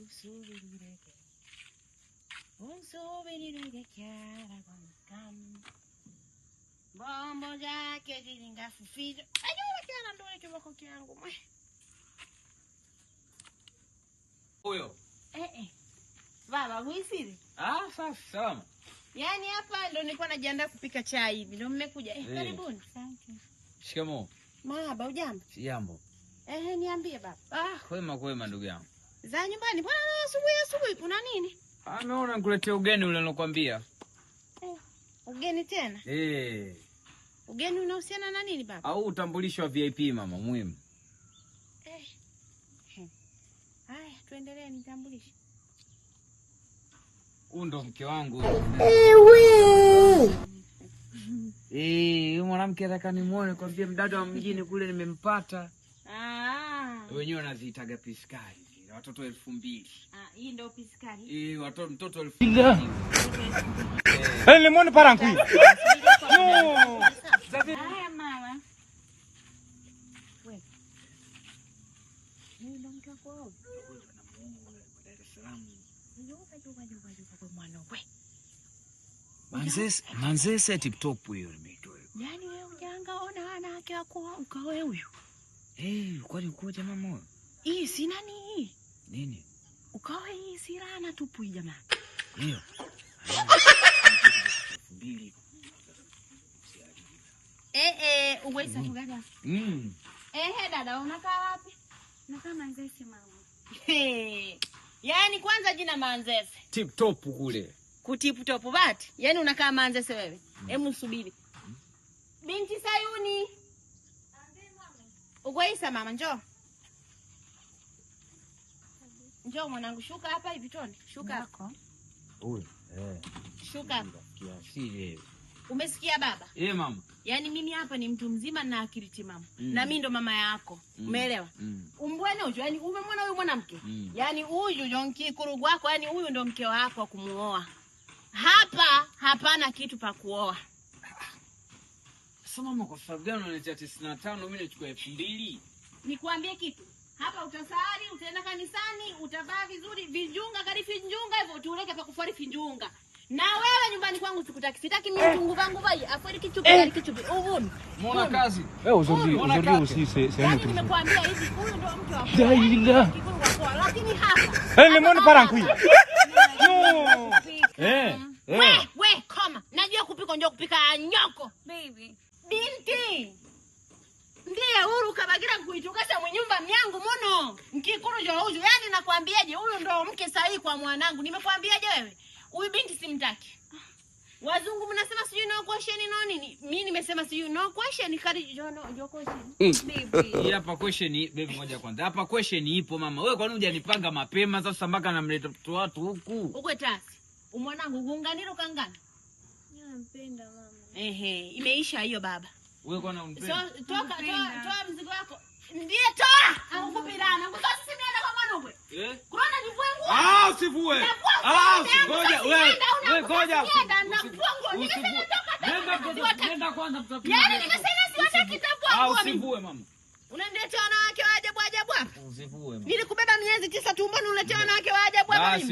uzuvirilige uzuvirilige kyarabonekam bombo jake lilingafufija ajua kyara ndole kiboko kyangu mwe Uyo. eh, eh. baba mwisiri ah, safi salama yaani hapa ndo nilikuwa najiandaa kupika chai hivi ndo mmekuja eh, eh. Thank you. shikamo baba ujambo sijambo eh, niambie baba ah, kwema kwema ndugu yangu za nyumbani. Mbona leo asubuhi asubuhi kuna nini? Ah, naona nikuletea ugeni ule nilokuambia. Eh, ugeni tena? Eh. Ugeni unahusiana na nini baba? Au utambulisho wa VIP mama muhimu. Eh. eh. Haya, tuendelee nitambulishe. Huyu ndo mke wangu. Ewe. Eh, huyu mwanamke nataka nimuone vile mdada wa mjini kule nimempata. Ah. Wenyewe wanaziitaga piskari moja watoto elfu mbili ah, hii ndio piskari eh, watoto mtoto elfu mbili eh, lemoni parangu no haya mama wewe ni ndoka kwao Dar es Salaam Manzese, Manzese TikTok huyo nimeitoa. Yaani wewe ujanga ona ana yake wako ukawe huyo. Eh, hey, kwani ukoje mama? Hii si nani hii? Nini? Ukawa hii sirana tupu hii jamaa. Ndio. Mbili. Eh eh, uwe uweza kugada. Mm. mm. Eh, eh, dada unakaa wapi? Nakaa Manzese mama. Yaani kwanza jina Manzese. Tip top kule. Kutip top bat. Yaani unakaa Manzese wewe. Mm. Hebu mm. subiri. Mm. Binti Sayuni. Ambie mama. Ugoisa mama njoo. Njoo mwanangu, shuka hapa hivi toni, shuka hapa. Huyu eh, shuka Kiasi Kiasili Umesikia baba? Ye, mama. Yaani mimi hapa ni mtu mzima na akili timamu mm. na mimi ndo mama yako mm. umeelewa? mm. umbwene huyo, yaani umemwona huyu mwanamke mm. yaani huyu yonki kurugu wako, yaani huyu ndo mke wako wa kumuoa. Hapa hapana kitu pa kuoa. Sasa mama, kwa sababu gani unaniletea 95 mimi nachukua 2000? Nikwambie kitu hapa utasahau kanisani utavaa vizuri vinjunga gari finjunga hivyo tuuleke pa kufari finjunga. Na wewe nyumbani kwangu sikutaki. Sitaki mimi tunguva eh. nguva hii. afari kichupi gari eh. kichupi. Uvuni. Muona kazi. Wewe eh, uzuri uzuri usisi sehemu yaani tu. Nimekuambia hivi huyu ndio mke wako. Daila. Lakini hapa. Eh, limoni parangu hii. No. Eh. We, we, koma. Najua kupika kupika nyoko. Baby. Binti. Ndiye huru kabagira myangu ndio huyu. Yaani nakwambiaje, huyu ndio mke sahihi kwa mwanangu. Nimekwambiaje wewe? Huyu binti simtaki. Wazungu mnasema sijui no question no nini? Mimi nimesema sijui no question kari jo no jo question. Mm. Baby. Hapa question baby moja kwanza. Hapa question ipo mama. Wewe kwa nini hujanipanga mapema sasa mpaka namleta mtoto watu huku? ukwe tasi. Umwanangu kuunganiro kangana. Nampenda mama. Ehe, imeisha hiyo baba. Wewe kwa nini unampenda? So, toka toa, toa mzigo wako. Ndiye toa. Akukupi dana usivue. Ngoja wewe, wewe ngoja. Nenda kwanza Yaani nimesema Usivue ah, mama. Unaniletea wanawake wa ajabu ajabu hapa? Usivue mama. Nilikubeba miezi tisa tumboni unaletea wanawake wa ajabu hapa mimi.